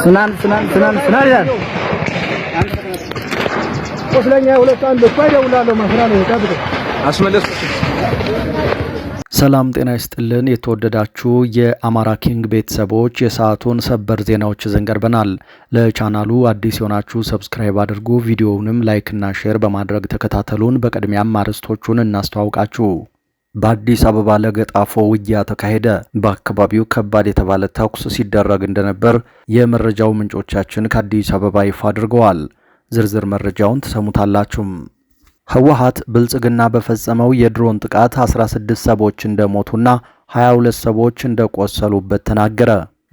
ስናን ስናን ስናን ስናን ይላል። ቁስለኛ ሁለት አንድ እኮ ይደውላለሁ ማስራ ነው የታብቁ አስመለስ ሰላም ጤና ይስጥልን። የተወደዳችሁ የአማራ ኪንግ ቤተሰቦች የሰዓቱን ሰበር ዜናዎች ይዘን ቀርበናል። ለቻናሉ አዲስ የሆናችሁ ሰብስክራይብ አድርጉ፣ ቪዲዮውንም ላይክና ሼር በማድረግ ተከታተሉን። በቅድሚያም አርዕስቶቹን እናስተዋውቃችሁ። በአዲስ አበባ ለገጣፎ ውጊያ ተካሄደ። በአካባቢው ከባድ የተባለ ተኩስ ሲደረግ እንደነበር የመረጃው ምንጮቻችን ከአዲስ አበባ ይፋ አድርገዋል። ዝርዝር መረጃውን ትሰሙታላችሁም። ህወሓት ብልጽግና በፈጸመው የድሮን ጥቃት 16 ሰዎች እንደሞቱና 22 ሰዎች እንደቆሰሉበት ተናገረ።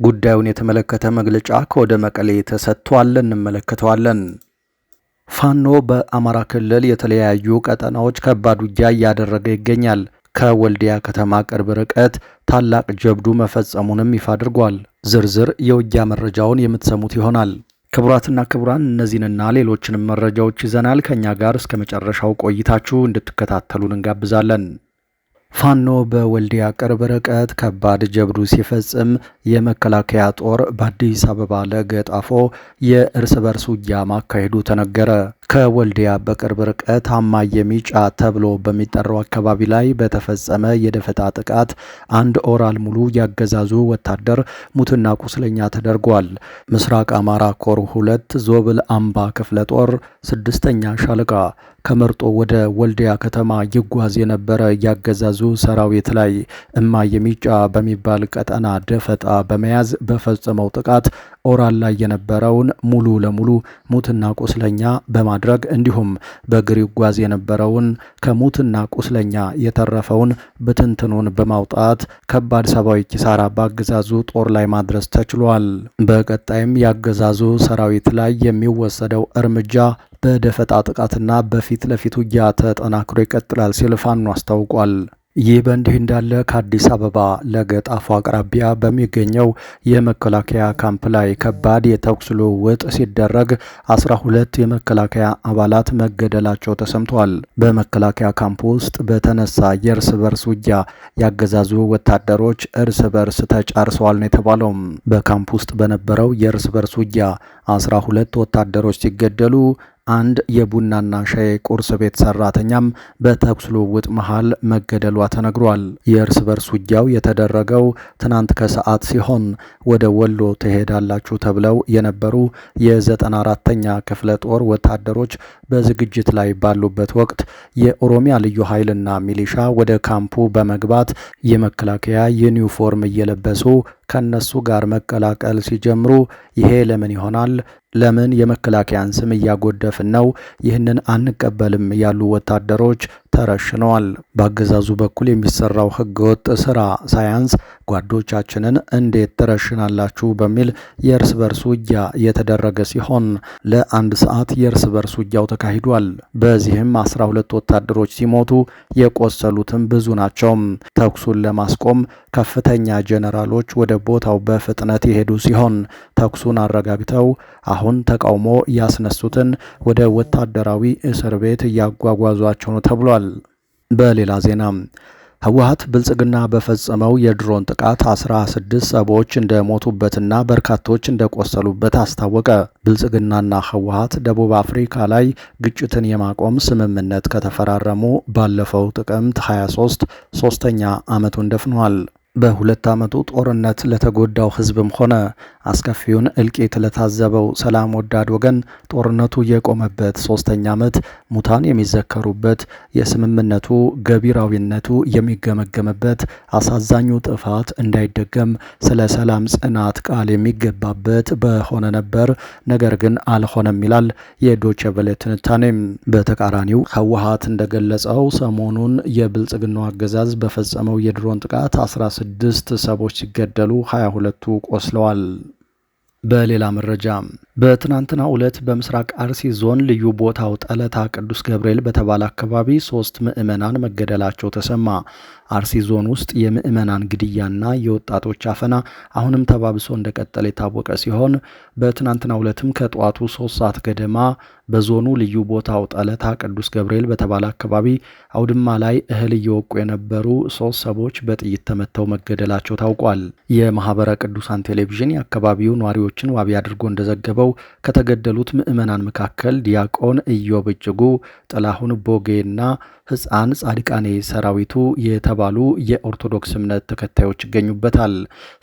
ጉዳዩን የተመለከተ መግለጫ ከወደ መቀሌ ተሰጥቷል፣ እንመለከተዋለን። ፋኖ በአማራ ክልል የተለያዩ ቀጠናዎች ከባድ ውጊያ እያደረገ ይገኛል። ከወልዲያ ከተማ ቅርብ ርቀት ታላቅ ጀብዱ መፈጸሙንም ይፋ አድርጓል። ዝርዝር የውጊያ መረጃውን የምትሰሙት ይሆናል። ክቡራትና ክቡራን እነዚህንና ሌሎችንም መረጃዎች ይዘናል። ከእኛ ጋር እስከ መጨረሻው ቆይታችሁ እንድትከታተሉን እንጋብዛለን። ፋኖ በወልዲያ ቅርብ ርቀት ከባድ ጀብዱ ሲፈጽም የመከላከያ ጦር በአዲስ አበባ ለገጣፎ የእርስ በርስ ውጊያ ማካሄዱ ተነገረ። ከወልዲያ በቅርብ ርቀት አማ የሚጫ ተብሎ በሚጠራው አካባቢ ላይ በተፈጸመ የደፈጣ ጥቃት አንድ ኦራል ሙሉ ያገዛዙ ወታደር ሙትና ቁስለኛ ተደርጓል። ምስራቅ አማራ ኮር ሁለት ዞብል አምባ ክፍለ ጦር ስድስተኛ ሻለቃ ከመርጦ ወደ ወልዲያ ከተማ ይጓዝ የነበረ ያገዛዙ ሰራዊት ላይ እማ የሚጫ በሚባል ቀጠና ደፈጣ በመያዝ በፈጸመው ጥቃት ኦራል ላይ የነበረውን ሙሉ ለሙሉ ሙትና ቁስለኛ በማድረግ እንዲሁም በእግር ይጓዝ የነበረውን ከሙትና ቁስለኛ የተረፈውን ብትንትኑን በማውጣት ከባድ ሰብአዊ ኪሳራ በአገዛዙ ጦር ላይ ማድረስ ተችሏል። በቀጣይም ያገዛዙ ሰራዊት ላይ የሚወሰደው እርምጃ በደፈጣ ጥቃትና በፊት ለፊት ውጊያ ተጠናክሮ ይቀጥላል ሲል ፋኖ አስታውቋል። ይህ በእንዲህ እንዳለ ከአዲስ አበባ ለገጣፎ አቅራቢያ በሚገኘው የመከላከያ ካምፕ ላይ ከባድ የተኩስ ልውውጥ ሲደረግ አስራ ሁለት የመከላከያ አባላት መገደላቸው ተሰምተዋል። በመከላከያ ካምፕ ውስጥ በተነሳ የእርስ በርስ ውጊያ ያገዛዙ ወታደሮች እርስ በርስ ተጫርሰዋል ነው የተባለው። በካምፕ ውስጥ በነበረው የእርስ በርስ ውጊያ አስራ ሁለት ወታደሮች ሲገደሉ አንድ የቡናና ሻይ ቁርስ ቤት ሰራተኛም በተኩስ ልውውጥ መሃል መገደሏ ተነግሯል። የእርስ በርስ ውጊያው የተደረገው ትናንት ከሰዓት ሲሆን ወደ ወሎ ትሄዳላችሁ ተብለው የነበሩ የ94ተኛ ክፍለ ጦር ወታደሮች በዝግጅት ላይ ባሉበት ወቅት የኦሮሚያ ልዩ ኃይልና ሚሊሻ ወደ ካምፑ በመግባት የመከላከያ ዩኒፎርም እየለበሱ ከእነሱ ጋር መቀላቀል ሲጀምሩ ይሄ ለምን ይሆናል? ለምን የመከላከያን ስም እያጎደፍን ነው? ይህንን አንቀበልም ያሉ ወታደሮች ተረሽነዋል። በአገዛዙ በኩል የሚሰራው ህገወጥ ስራ ሳያንስ ጓዶቻችንን እንዴት ትረሽናላችሁ በሚል የእርስ በርስ ውጊያ የተደረገ ሲሆን ለአንድ ሰዓት የእርስ በርስ ውጊያው ተካሂዷል። በዚህም አስራ ሁለት ወታደሮች ሲሞቱ የቆሰሉትም ብዙ ናቸው። ተኩሱን ለማስቆም ከፍተኛ ጀነራሎች ወደ ቦታው በፍጥነት የሄዱ ሲሆን ተኩሱን አረጋግተው አሁን ተቃውሞ ያስነሱትን ወደ ወታደራዊ እስር ቤት እያጓጓዟቸው ነው ተብሏል። በሌላ ዜና ህወሀት ብልጽግና በፈጸመው የድሮን ጥቃት 16 ሰዎች እንደሞቱበትና በርካቶች እንደቆሰሉበት አስታወቀ። ብልጽግናና ህወሀት ደቡብ አፍሪካ ላይ ግጭትን የማቆም ስምምነት ከተፈራረሙ ባለፈው ጥቅምት 23 ሶስተኛ ዓመቱን ደፍኗል። በሁለት ዓመቱ ጦርነት ለተጎዳው ህዝብም ሆነ አስከፊውን እልቂት ለታዘበው ሰላም ወዳድ ወገን ጦርነቱ የቆመበት ሶስተኛ ዓመት ሙታን የሚዘከሩበት የስምምነቱ ገቢራዊነቱ የሚገመገምበት አሳዛኙ ጥፋት እንዳይደገም ስለ ሰላም ጽናት ቃል የሚገባበት በሆነ ነበር። ነገር ግን አልሆነም ይላል የዶቼ ቬለ ትንታኔም። በተቃራኒው ህወሓት እንደገለጸው ሰሞኑን የብልጽግናው አገዛዝ በፈጸመው የድሮን ጥቃት ስድስት ሰዎች ሲገደሉ 22ቱ ቆስለዋል። በሌላ መረጃ በትናንትናው ዕለት በምስራቅ አርሲ ዞን ልዩ ቦታው ጠለታ ቅዱስ ገብርኤል በተባለ አካባቢ ሶስት ምዕመናን መገደላቸው ተሰማ። አርሲ ዞን ውስጥ የምዕመናን ግድያና የወጣቶች አፈና አሁንም ተባብሶ እንደቀጠለ የታወቀ ሲሆን በትናንትናው ዕለትም ከጠዋቱ ሶስት ሰዓት ገደማ በዞኑ ልዩ ቦታው ጠለታ ቅዱስ ገብርኤል በተባለ አካባቢ አውድማ ላይ እህል እየወቁ የነበሩ ሶስት ሰዎች በጥይት ተመተው መገደላቸው ታውቋል። የማህበረ ቅዱሳን ቴሌቪዥን የአካባቢው ነዋሪዎች ምንጮችን ዋቢ አድርጎ እንደዘገበው ከተገደሉት ምዕመናን መካከል ዲያቆን እዮብ እጅጉ፣ ጥላሁን ቦጌና ሕፃን ጻድቃኔ ሰራዊቱ የተባሉ የኦርቶዶክስ እምነት ተከታዮች ይገኙበታል።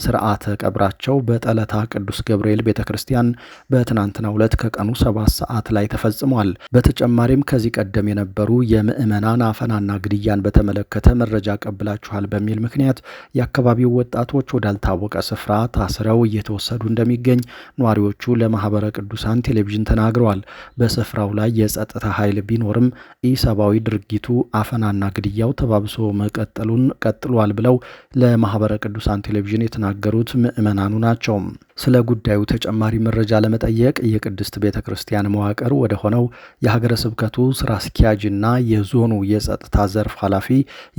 ስርዓተ ቀብራቸው በጠለታ ቅዱስ ገብርኤል ቤተ ክርስቲያን በትናንትናው ዕለት ከቀኑ ሰባት ሰዓት ላይ ተፈጽሟል። በተጨማሪም ከዚህ ቀደም የነበሩ የምዕመናን አፈናና ግድያን በተመለከተ መረጃ ቀብላችኋል በሚል ምክንያት የአካባቢው ወጣቶች ወዳልታወቀ ስፍራ ታስረው እየተወሰዱ እንደሚገኙ እንደሚገኝ ነዋሪዎቹ ለማህበረ ቅዱሳን ቴሌቪዥን ተናግረዋል። በስፍራው ላይ የጸጥታ ኃይል ቢኖርም ኢሰብአዊ ድርጊቱ አፈናና ግድያው ተባብሶ መቀጠሉን ቀጥሏል ብለው ለማህበረ ቅዱሳን ቴሌቪዥን የተናገሩት ምዕመናኑ ናቸው። ስለ ጉዳዩ ተጨማሪ መረጃ ለመጠየቅ የቅድስት ቤተ ክርስቲያን መዋቅር ወደ ሆነው የሀገረ ስብከቱ ስራ አስኪያጅና የዞኑ የጸጥታ ዘርፍ ኃላፊ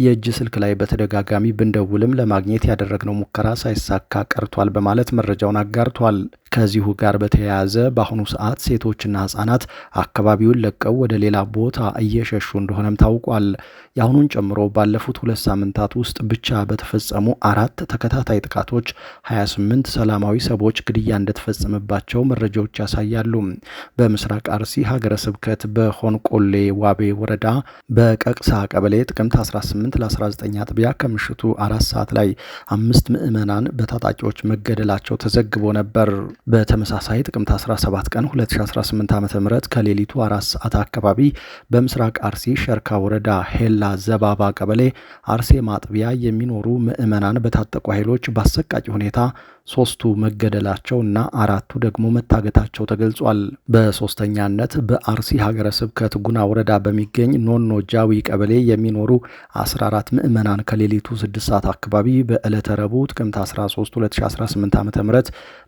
የእጅ ስልክ ላይ በተደጋጋሚ ብንደውልም ለማግኘት ያደረግነው ሙከራ ሳይሳካ ቀርቷል በማለት መረጃውን አጋርቷል። ከዚሁ ጋር በተያያዘ በአሁኑ ሰዓት ሴቶችና ህጻናት አካባቢውን ለቀው ወደ ሌላ ቦታ እየሸሹ እንደሆነም ታውቋል። የአሁኑን ጨምሮ ባለፉት ሁለት ሳምንታት ውስጥ ብቻ በተፈጸሙ አራት ተከታታይ ጥቃቶች 28 ሰላማዊ ሰዎች ግድያ እንደተፈጸመባቸው መረጃዎች ያሳያሉ። በምስራቅ አርሲ ሀገረ ስብከት በሆንቆሌ ዋቤ ወረዳ በቀቅሳ ቀበሌ ጥቅምት 18 ለ19 አጥቢያ ከምሽቱ አራት ሰዓት ላይ አምስት ምዕመናን በታጣቂዎች መገደላቸው ተዘግቦ ነበር። በተመሳሳይ ጥቅምት 17 ቀን 2018 ዓ ም ከሌሊቱ አራት ሰዓት አካባቢ በምስራቅ አርሲ ሸርካ ወረዳ ሄላ ዘባባ ቀበሌ አርሴ ማጥቢያ የሚኖሩ ምዕመናን በታጠቁ ኃይሎች በአሰቃቂ ሁኔታ ሶስቱ መገደላቸው እና አራቱ ደግሞ መታገታቸው ተገልጿል። በሶስተኛነት በአርሲ ሀገረ ስብከት ጉና ወረዳ በሚገኝ ኖኖ ጃዊ ቀበሌ የሚኖሩ 14 ምዕመናን ከሌሊቱ 6 ሰዓት አካባቢ በዕለተ ረቡዕ ጥቅምት 13 2018 ዓ ም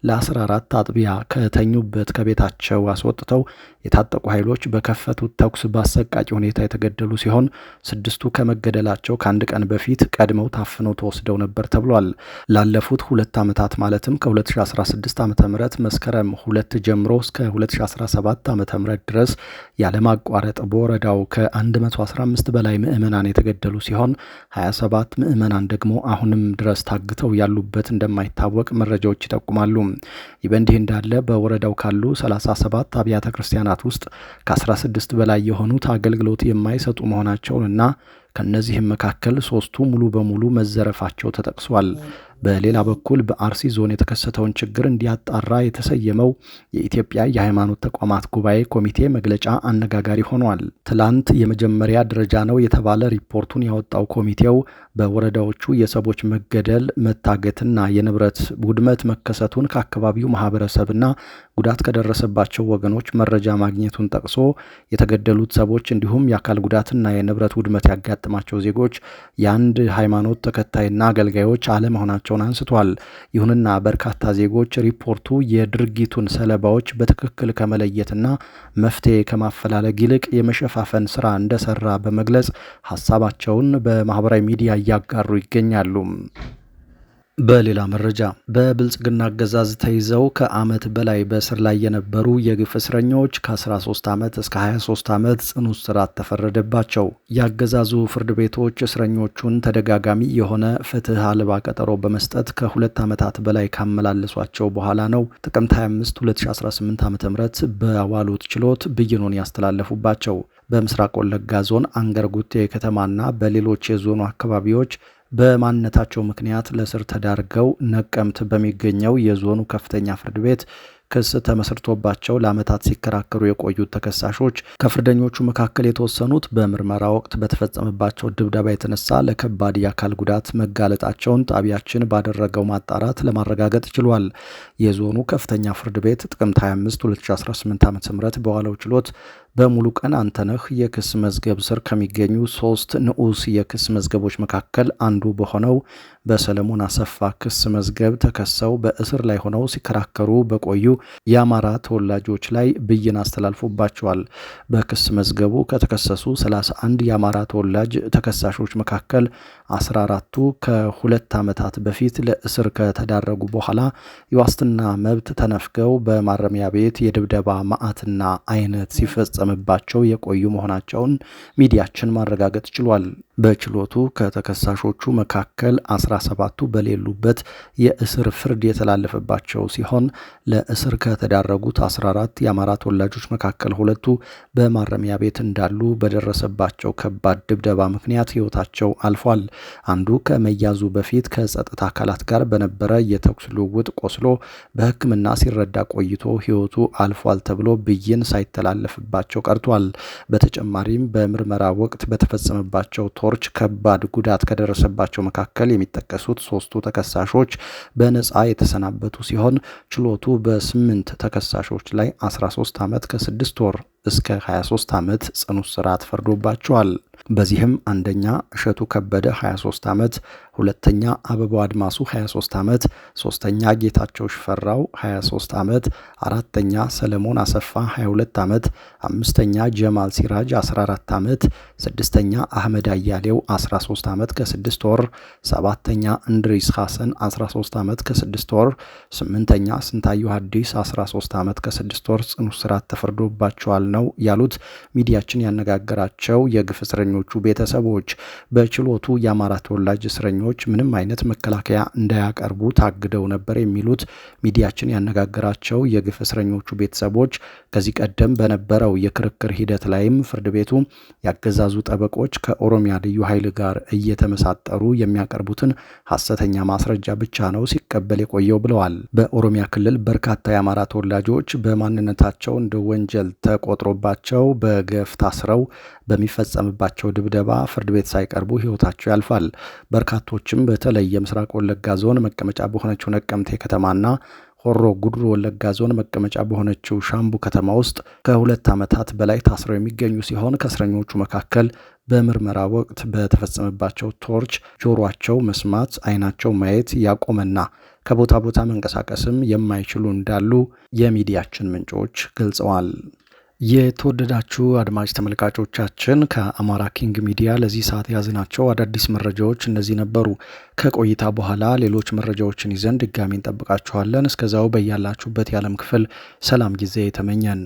ለ14 አጥቢያ ከተኙበት ከቤታቸው አስወጥተው የታጠቁ ኃይሎች በከፈቱት ተኩስ በአሰቃቂ ሁኔታ የተገደሉ ሲሆን ስድስቱ ከመገደላቸው ከአንድ ቀን በፊት ቀድመው ታፍነው ተወስደው ነበር ተብሏል። ላለፉት ሁለት ዓመታት ማለትም ከ2016 ዓ ም መስከረም ሁለት ጀምሮ እስከ 2017 ዓ ም ድረስ ያለማቋረጥ በወረዳው ከ115 በላይ ምዕመናን የተገደሉ ሲሆን 27 ምዕመናን ደግሞ አሁንም ድረስ ታግተው ያሉበት እንደማይታወቅ መረጃዎች ይጠቁማሉ። ይህ በእንዲህ እንዳለ በወረዳው ካሉ 37 አብያተ ክርስቲያናት ውስጥ ከ16 በላይ የሆኑት አገልግሎት የማይሰጡ መሆናቸውን እና ከእነዚህም መካከል ሶስቱ ሙሉ በሙሉ መዘረፋቸው ተጠቅሷል። በሌላ በኩል በአርሲ ዞን የተከሰተውን ችግር እንዲያጣራ የተሰየመው የኢትዮጵያ የሃይማኖት ተቋማት ጉባኤ ኮሚቴ መግለጫ አነጋጋሪ ሆኗል። ትላንት የመጀመሪያ ደረጃ ነው የተባለ ሪፖርቱን ያወጣው ኮሚቴው በወረዳዎቹ የሰዎች መገደል፣ መታገትና የንብረት ውድመት መከሰቱን ከአካባቢው ማህበረሰብና ጉዳት ከደረሰባቸው ወገኖች መረጃ ማግኘቱን ጠቅሶ የተገደሉት ሰዎች እንዲሁም የአካል ጉዳትና የንብረት ውድመት ያጋጥ የሚያጋጥማቸው ዜጎች የአንድ ሃይማኖት ተከታይና አገልጋዮች አለመሆናቸውን አንስቷል። ይሁንና በርካታ ዜጎች ሪፖርቱ የድርጊቱን ሰለባዎች በትክክል ከመለየትና መፍትሄ ከማፈላለግ ይልቅ የመሸፋፈን ስራ እንደሰራ በመግለጽ ሀሳባቸውን በማህበራዊ ሚዲያ እያጋሩ ይገኛሉ። በሌላ መረጃ በብልጽግና አገዛዝ ተይዘው ከዓመት በላይ በእስር ላይ የነበሩ የግፍ እስረኞች ከ13 ዓመት እስከ 23 ዓመት ጽኑ እስራት ተፈረደባቸው። የአገዛዙ ፍርድ ቤቶች እስረኞቹን ተደጋጋሚ የሆነ ፍትህ አልባ ቀጠሮ በመስጠት ከሁለት ዓመታት በላይ ካመላለሷቸው በኋላ ነው ጥቅምት 25 2018 ዓ ም በዋሉት ችሎት ብይኑን ያስተላለፉባቸው። በምስራቅ ወለጋ ዞን አንገርጉቴ ከተማና በሌሎች የዞኑ አካባቢዎች በማንነታቸው ምክንያት ለእስር ተዳርገው ነቀምት በሚገኘው የዞኑ ከፍተኛ ፍርድ ቤት ክስ ተመስርቶባቸው ለዓመታት ሲከራከሩ የቆዩት ተከሳሾች ከፍርደኞቹ መካከል የተወሰኑት በምርመራ ወቅት በተፈጸመባቸው ድብደባ የተነሳ ለከባድ የአካል ጉዳት መጋለጣቸውን ጣቢያችን ባደረገው ማጣራት ለማረጋገጥ ችሏል። የዞኑ ከፍተኛ ፍርድ ቤት ጥቅምት 25 2018 ዓ ም በዋለው ችሎት ቀን አንተነህ የክስ መዝገብ ስር ከሚገኙ ሶስት ንዑስ የክስ መዝገቦች መካከል አንዱ በሆነው በሰለሞን አሰፋ ክስ መዝገብ ተከሰው በእስር ላይ ሆነው ሲከራከሩ በቆዩ የአማራ ተወላጆች ላይ ብይን አስተላልፎባቸዋል። በክስ መዝገቡ ከተከሰሱ 31 የአማራ ተወላጅ ተከሳሾች መካከል 14ቱ ከሁለት ዓመታት በፊት ለእስር ከተዳረጉ በኋላ የዋስትና መብት ተነፍገው በማረሚያ ቤት የድብደባ ማዕትና አይነት ሲፈጽ ሲፈጸምባቸው የቆዩ መሆናቸውን ሚዲያችን ማረጋገጥ ችሏል። በችሎቱ ከተከሳሾቹ መካከል 17ቱ በሌሉበት የእስር ፍርድ የተላለፈባቸው ሲሆን ለእስር ከተዳረጉት 14 የአማራ ተወላጆች መካከል ሁለቱ በማረሚያ ቤት እንዳሉ በደረሰባቸው ከባድ ድብደባ ምክንያት ሕይወታቸው አልፏል። አንዱ ከመያዙ በፊት ከጸጥታ አካላት ጋር በነበረ የተኩስ ልውውጥ ቆስሎ በሕክምና ሲረዳ ቆይቶ ሕይወቱ አልፏል ተብሎ ብይን ሳይተላለፍባቸው ቀርቷል። በተጨማሪም በምርመራ ወቅት በተፈጸመባቸው ተከሳሾች ከባድ ጉዳት ከደረሰባቸው መካከል የሚጠቀሱት ሶስቱ ተከሳሾች በነፃ የተሰናበቱ ሲሆን ችሎቱ በስምንት ተከሳሾች ላይ 13 ዓመት ከስድስት ወር እስከ 23 ዓመት ጽኑ እስራት ፈርዶባቸዋል። በዚህም አንደኛ እሸቱ ከበደ 23 ዓመት፣ ሁለተኛ አበባው አድማሱ 23 ዓመት፣ ሶስተኛ ጌታቸው ሽፈራው 23 ዓመት፣ አራተኛ ሰለሞን አሰፋ 22 ዓመት፣ አምስተኛ ጀማል ሲራጅ 14 ዓመት፣ ስድስተኛ አህመድ አያሌው 13 ዓመት ከስድስት ወር፣ ሰባተኛ እንድሪስ ሐሰን 13 ዓመት ከ6 ወር፣ ስምንተኛ ስንታየሁ ሀዲስ 13 ዓመት ከ6 ወር ጽኑ እስራት ተፈርዶባቸዋል ነው ያሉት ሚዲያችን ያነጋገራቸው የግፍ እስረኞች የእስረኞቹ ቤተሰቦች በችሎቱ የአማራ ተወላጅ እስረኞች ምንም አይነት መከላከያ እንዳያቀርቡ ታግደው ነበር የሚሉት ሚዲያችን ያነጋገራቸው የግፍ እስረኞቹ ቤተሰቦች ከዚህ ቀደም በነበረው የክርክር ሂደት ላይም ፍርድ ቤቱ ያገዛዙ ጠበቆች ከኦሮሚያ ልዩ ኃይል ጋር እየተመሳጠሩ የሚያቀርቡትን ሐሰተኛ ማስረጃ ብቻ ነው ሲቀበል የቆየው ብለዋል። በኦሮሚያ ክልል በርካታ የአማራ ተወላጆች በማንነታቸው እንደ ወንጀል ተቆጥሮባቸው በገፍ ታስረው በሚፈጸምባቸው በደረሰባቸው ድብደባ ፍርድ ቤት ሳይቀርቡ ሕይወታቸው ያልፋል። በርካቶችም በተለይ የምስራቅ ወለጋ ዞን መቀመጫ በሆነችው ነቀምቴ ከተማና ሆሮ ጉድሮ ወለጋ ዞን መቀመጫ በሆነችው ሻምቡ ከተማ ውስጥ ከሁለት ዓመታት በላይ ታስረው የሚገኙ ሲሆን ከእስረኞቹ መካከል በምርመራ ወቅት በተፈጸመባቸው ቶርች ጆሯቸው መስማት፣ አይናቸው ማየት ያቆመና ከቦታ ቦታ መንቀሳቀስም የማይችሉ እንዳሉ የሚዲያችን ምንጮች ገልጸዋል። የተወደዳችሁ አድማጭ ተመልካቾቻችን ከአማራ ኪንግ ሚዲያ ለዚህ ሰዓት የያዝናቸው አዳዲስ መረጃዎች እነዚህ ነበሩ። ከቆይታ በኋላ ሌሎች መረጃዎችን ይዘን ድጋሚ እንጠብቃችኋለን። እስከዛው በያላችሁበት የዓለም ክፍል ሰላም ጊዜ የተመኘን